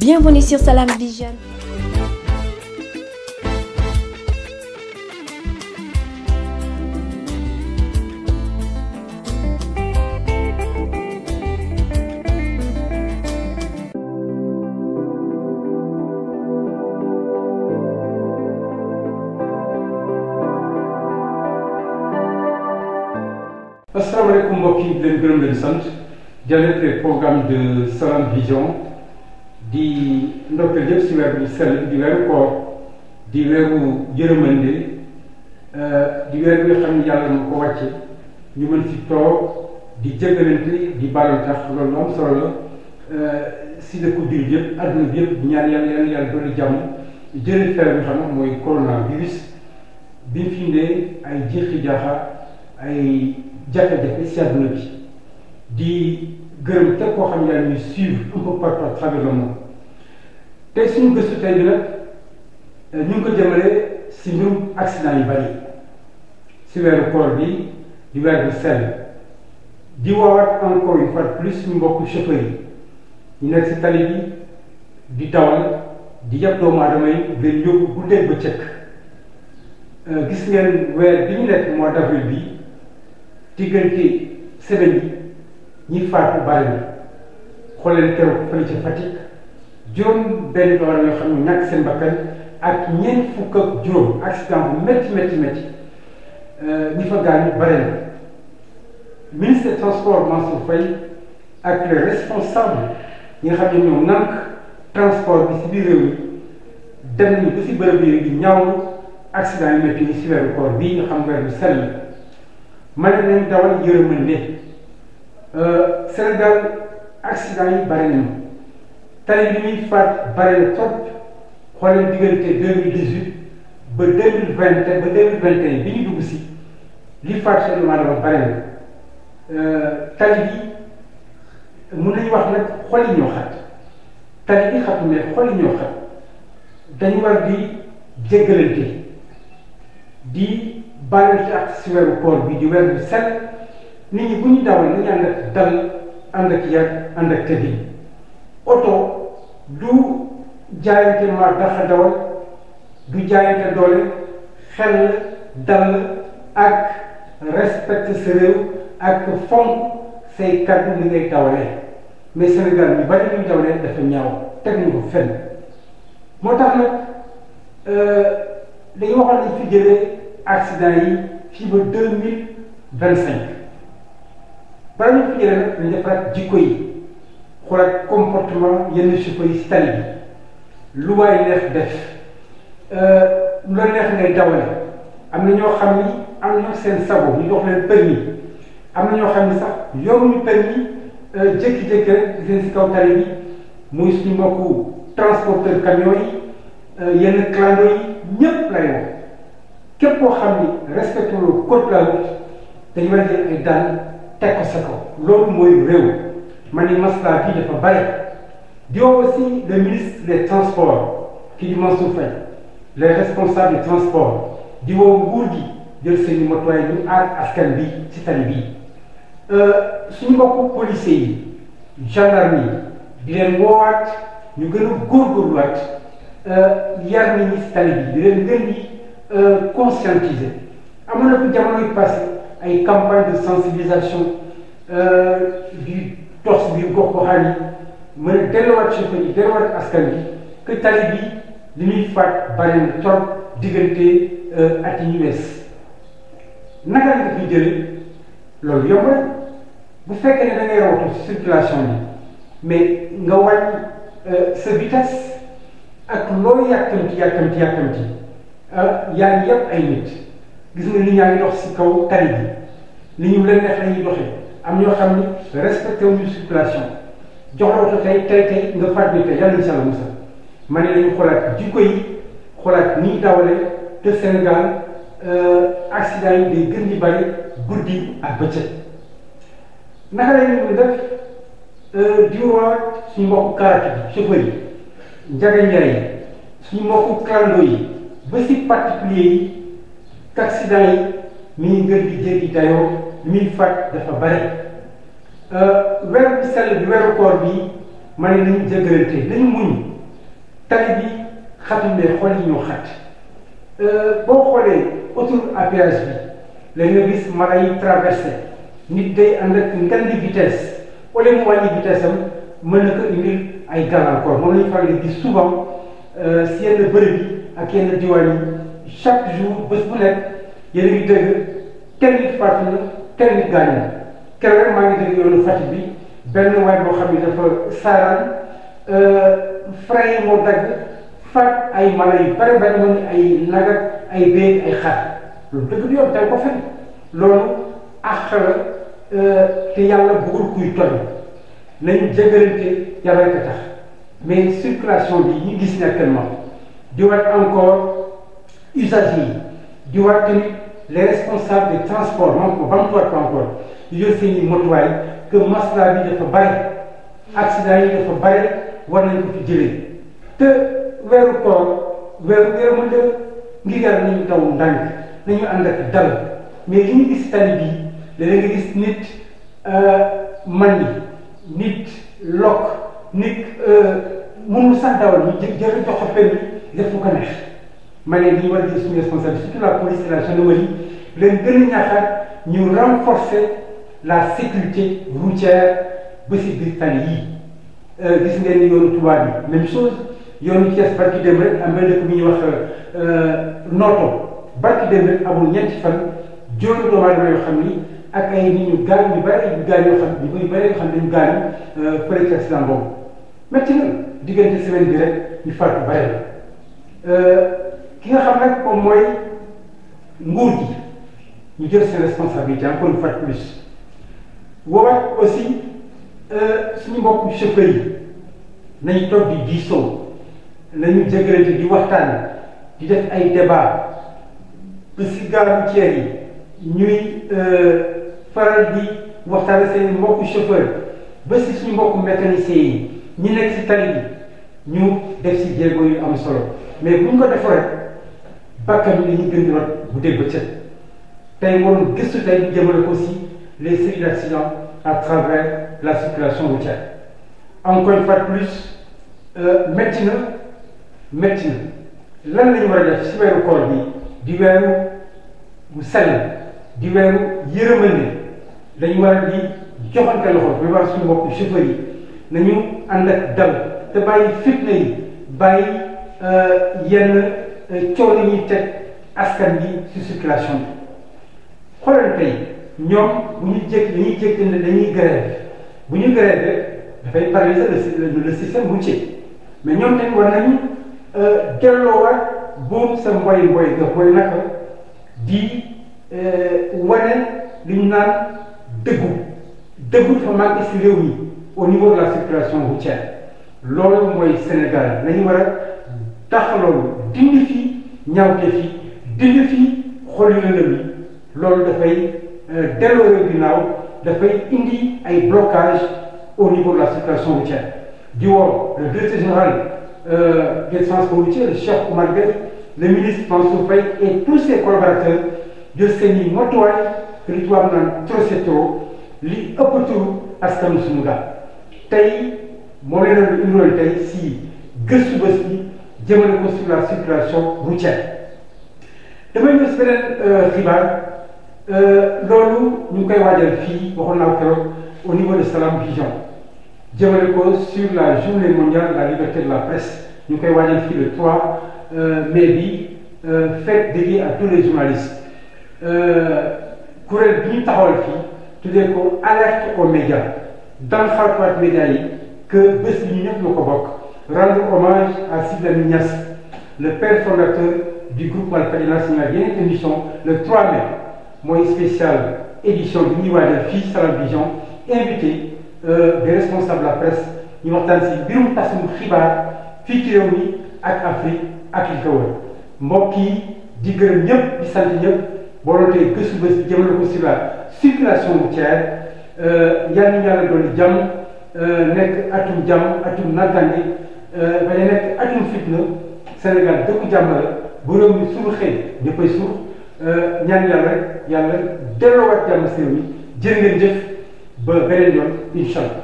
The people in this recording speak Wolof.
Bienvenue sur Salam Vision. asalaamaaleykum mbokk yi di leen gërëm leen sant di leen programme de Salam Vision. di ndokkeel yëpp si weer bi sell di weeru koor di weeru jërëmande euh, di weer bi xam ne yàlla mu ko wàcce ñu mën si toog di jëgalante di baalu tax loolu lu am solo la euh, si dëkku biir yëpp adduna bi yëpp ñaan yàlla yàlla yàlla jàmm jëlee feer bi xam nga mooy coronavirus bi fi indee ay jeexi jaaxa ay jafe-jafe si adduna bi di gërëm te koo xam ne daal ñuy suivre un peu te suñu gëstu tey bi nag eh, ñu ngi ko jëmale si ñun accident yu bari si weeru koor bi di weer bu sell di woowaat encore une fois plus suñu mbokku chauffeur ñu nekk si tali bi di tawal di yab doomu aadama yi yóbbu guddeeg ba cëkk eh, gis ngeen weer bi ñu nekk mois d'avril bi diggante semaine yi ñi faatu bari na xooleen teew fële ca Fatick juróom benn doole yoo xam ne ñàkk seen bakkan ak ñeent fukk ak juróom accident bu métti métti métti euh, bare na ministre des transports Mansour ak les responsables yi nga xam ne ñoo nànk transport bi si biir réew mi dem nañu ba si bërëb yi di ñaaw accident yu métti yi si weeru koor bii ñu xam weeru sell la ma ne nañ dawal yërëmande euh, Sénégal accident yi bare nañu tali bi ñuy faat bare na trop xooleen diggante deux mille dix huit ba deux mille vingt ba deux mille bi ñu dugg li faat seen maanaam bare na euh, tali bi mun nañu wax nag xol yi ñoo xat tali bi xatu mais xol yi ñoo xat dañu war di jéggalante di bàyyi ci ak si weeru koor bi di weer bu set nit ñi bu ñu dawal nañu ànd ak dal ànd ak yar ànd ak tëddi oto du jaayante maa dafa dawal du jaayante doole xel dal ak respecte sa réew ak fonk say kàddu ni ngay dawalee mais Sénégal ñu bari ñu dawalee dafa ñaaw teg ñu ko fenn moo tax nag euh, dañu waxoon nañ fi jëlee accident yi fii ba deux mille vingt cinq bala ñu fi jëlee nag dañu jikko yi wala comportement yenn chauffeur yi si tali bi lu waay neex def euh, lu la neex ngay dawale am na ñoo xam ni am na seen sago ñu dox am na ñoo xam ni sax yoruñu permis euh, jékki-jékki rek seen si kaw tali bi muy suñu mbokku transporteur camion yi euh, yenn clando yi ñépp lay wax képp koo xam ni respecté loolu code la route dañu daan teg ko sa kaw loolu mooy réew ma ne maslaa bi dafa bare di wax le ministre des transports kii di Mansour Faye les responsables des transports di woo nguur gi jël seen i matuwaay ñu aar askan bi ci tali bi euh, suñu mbokku policiers yi gendarmerie di leen woowaat ñu gën a góorgóorluwaat euh, yar nit ñi ci tali bi di leen gën di euh, conscientiser amoon na fi jamono yu passé ay campagne de sensibilisation dox bi biir gox goxaan yi mën a delluwaat chauffeur yi delluwaat askan bi que bi li muy faat bari na trop diggante euh, at yi wees naka la nga fiy jëlee yomb bu fekkee ne da ngay rawatu circulation bi mais nga wàññi euh, sa vitesse ak loolu yàkkamti yàkkamti yàkkamti euh, yaa ngi yëpp ay nit gis nga nit ñaa ngi dox si kaw tali li ñu leen neex la ñuy doxee. am ñoo xam ni respecté wuñu circulation jox la oto tey tey tey nga fàttali tey yàlla incha allah musa ma ne lañu xoolaat jikko yi xoolaat ni dawale te Sénégal euh, accident yi day gën di bare guddi ak bëccëg naka la ñuy def euh, di woowaat suñu mbokku kàllaat yi chauffeur yi njaga-njaay yi suñu mbokku clando yi ba si particulier yi accident yi mi ngi gën di jéggi muy faj dafa bari euh, weer bi sell bi weeru bi ma ne nañu jëggalante nañu muñ tali bi xatumlee xol yi ñoo xat euh, boo xoolee autoroute à péage bi la nga gis mala yi traversé nit day ànd ak ngandi vitesse wala mu wàññi vitesse am mën na ay gàllankoor moom la ñu faral di gis souvent euh, si yenn bërëb yi ak yenn diwaan yi chaque jour bés bu nekk yéen a ngi dégg kenn nit faatu na kenn nit gaañ la keroog maa ngi dégg yoonu Fatick bi benn waay boo xam ne dafa saaraan euh, frein yi moo dagg faat ay mala yu bare bare mu ni ay nag ay béy ay xar loolu dëgg du yoon tey ko fen loolu àq la euh, te yàlla bëggul kuy toj nañ jégalante yàlla rek tax mais circulation bi ñu gis ne actuellement di wat encore usage yi di wat les responsables des transports man ko ban toog encore yor seen i motuwaay que masla bi dafa bare accident yi dafa bare war nañ ko fi jëlee te weeru koor weeru weeru mën ngir yàlla nañu taw ndànk nañu ànd ak dal mais li ñu gis tali bi léeg-léeg gis nit euh, mani nit lokk nit euh, mënul dawal ñu jël jël jox ko permis def ma ne dañu war a jël suñu responsabilité surtout la police la gendarmerie leen gën a ñaaxaat ñu la sécurité routière ba si biir tali yii. Euh, gis ngeen ni yoonu Touba bi même chose yoonu Thiès barki dem rek am benn dëkk bu ñuy wax euh, barki dem rek amul ñetti fan jóoru doomu aadama yoo xam ni ak ay nit ñu gaañ ñu bari ñu gaañ yoo xam ñu bari yoo xam ne ñu gaañu peut être accident boobu métti na diggante semaine bi rek ñu la. ki nga xam nag comme mooy nguur gi ñu jël seen responsabilité encore une fois de plus woowaat aussi euh, suñu mbokk chauffeur yi nañu toog di diisoo nañu jégalante di waxtaan di def ay débat ba si gare routière yi ñuy euh, faral di waxtaan seen mbokku chauffeur ba si suñu mbokku mécanicien yi ñi nekk si tali bi ñu def si jéego yu am solo mais bu ñu ko defoo bàkkaar yi dañuy gën di rot bu dégg ba cët tey waroon gëstu tey ko si les séries d'accidents à travers la circulation routière encore une fois de plus euh, métti na métti lan la ñu war a def si weeru koor bi di weeru bu sell di weeru yërëmande dañu war a di joxante loxo bi wax suñu mbokk chauffeur yi nañu ànd ak dal te bàyyi fitna yi bàyyi euh, yenn Euh, coow li ñuy teg askan bi ci circulation bi xoolal tey ñoom bu ñu jékki dañuy jékki ne dañuy grève bu ñu grève dafay paralyser le système routier mais ñoom tamit war nañu euh, delloowaat boobu sa mboy mboy nga na naka di euh, wane li ñu naan dëggu dëggu dafa manqué si réew mi au niveau de la circulation routière loolu mooy Sénégal la ñu war a tax loolu dindi fi ñawte fi dindi xoli lëndëm yi loolu dafay euh, delloo ginnaaw dafay indi ay blocage au niveau de la circulation routière di woo le directeur général euh, des transports routiers le chef Oumar Gueye le ministre Mansour et tous ses collaborateurs jël seen i motuwaay trop c'est li ëpp turu askanu suñu gaal tey moo leen si gëstu bés jëmale ko sur la circulation routière damay ñëw si beneen euh, xibaar euh, loolu ñu ngi koy waajal fii waxoon naa keroog au niveau de Salam Vision jëmale ko sur la journée mondiale la liberté de la presse ñu ngi koy waajal fii le 3 euh, mai bi fête dédiée à tous les journalistes kuréel bi ñu taxawal fii tuddee alerte aux médias dans le média yi que bés bi ñu ñëpp ñu ko rendre hommage à Sidi Niass, le père fondateur du groupe Walfadjri Sénégal yeneen émission le 3 mai mooy spécial édition bi ñuy waajal fii Salam Vision invité euh, des responsables la presse ñu waxtaan si mbirum tasum xibaar fii ci réew ak Afrique ak li ko wër mbokk yi di gërëm ñëpp di sant ñëpp boolotee gëstu bés bi jëmale ko si la circulation routière euh, yal na yàlla doon jàmm euh, nekk atum jàmm atum naataange. bañ a nekk atum fitna Sénégal dëkku jàmm la borom mi suur xëy ñëppay suur euh, ñaan yàlla rek yàlla delloowaat jàmm mi jërë ngeen jëf ba beneen